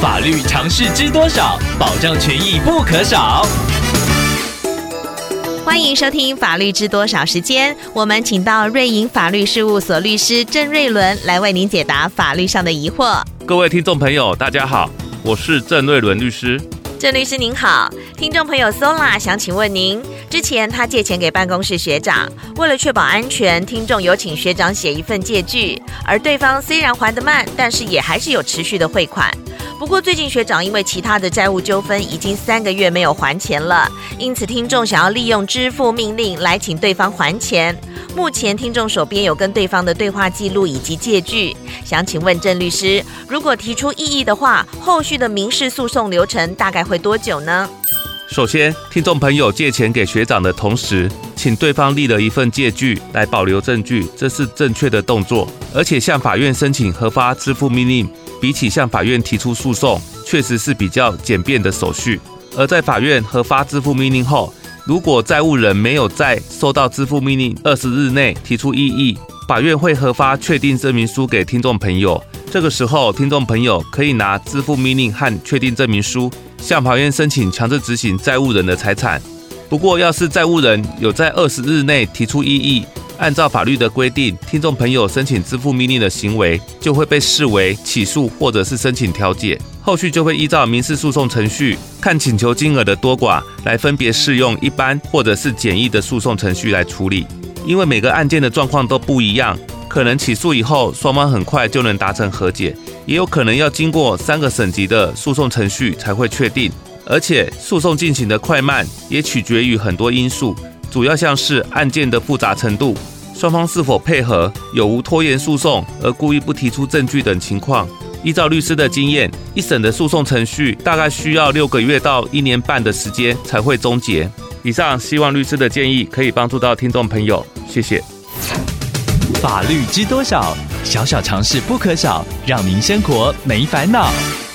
法律常識知多少，保障權益不可少。歡迎收聽《法律知多少》時間，我們請到瑞瀛法律事務所律師鄭瑞崙來為您解答法律上的疑惑。各位聽眾朋友，大家好，我是鄭瑞崙律師。鄭律師您好，聽眾朋友 Sola 想請問您，之前他借錢給辦公室學長，為了確保安全，聽眾有請學長寫一份借據，而對方雖然還得慢，但是也還是有持續的匯款。不過最近學長因為其他的債務糾紛，已經三個月沒有還錢了，因此聽眾想要利用支付命令來請對方還錢。目前聽眾手邊有跟對方的對話記錄以及借據，想請問鄭律師，如果提出異議的話，後續的民事訴訟流程大概會多久呢？首先，聽眾朋友借錢給學長的同時，請對方立了一份借據來保留證據，這是正確的動作，而且向法院申請核發支付命令，比起向法院提出訴訟，確實是比較簡便的手續。而在法院核發支付命令後，如果債務人沒有在收到支付命令二十日內提出異議，法院會核發確定證明書給聽眾朋友。這個時候，聽眾朋友可以拿支付命令和確定證明書向法院申請強制執行債務人的財產。不過，要是債務人有在二十日內提出異議，按照法律的規定，聽眾朋友申請支付命令的行為就會被視為起訴或者是申請調解，後續就會依照民事訴訟程序，看請求金額的多寡來分別適用一般或者是簡易的訴訟程序來處理。因為每個案件的狀況都不一樣，可能起訴以後雙方很快就能達成和解，也有可能要經過三個審級的訴訟程序才會確定。而且訴訟進行的快慢也取決於很多因素。主要像是案件的複雜程度、雙方是否配合、有無拖延訴訟而故意不提出證據等情況。依照律師的經驗，一審的訴訟程序大概需要六個月到一年半的時間才會終結。以上希望律師的建議可以幫助到聽眾朋友。謝謝。法律知多少，小小常識不可少，讓您生活沒煩惱。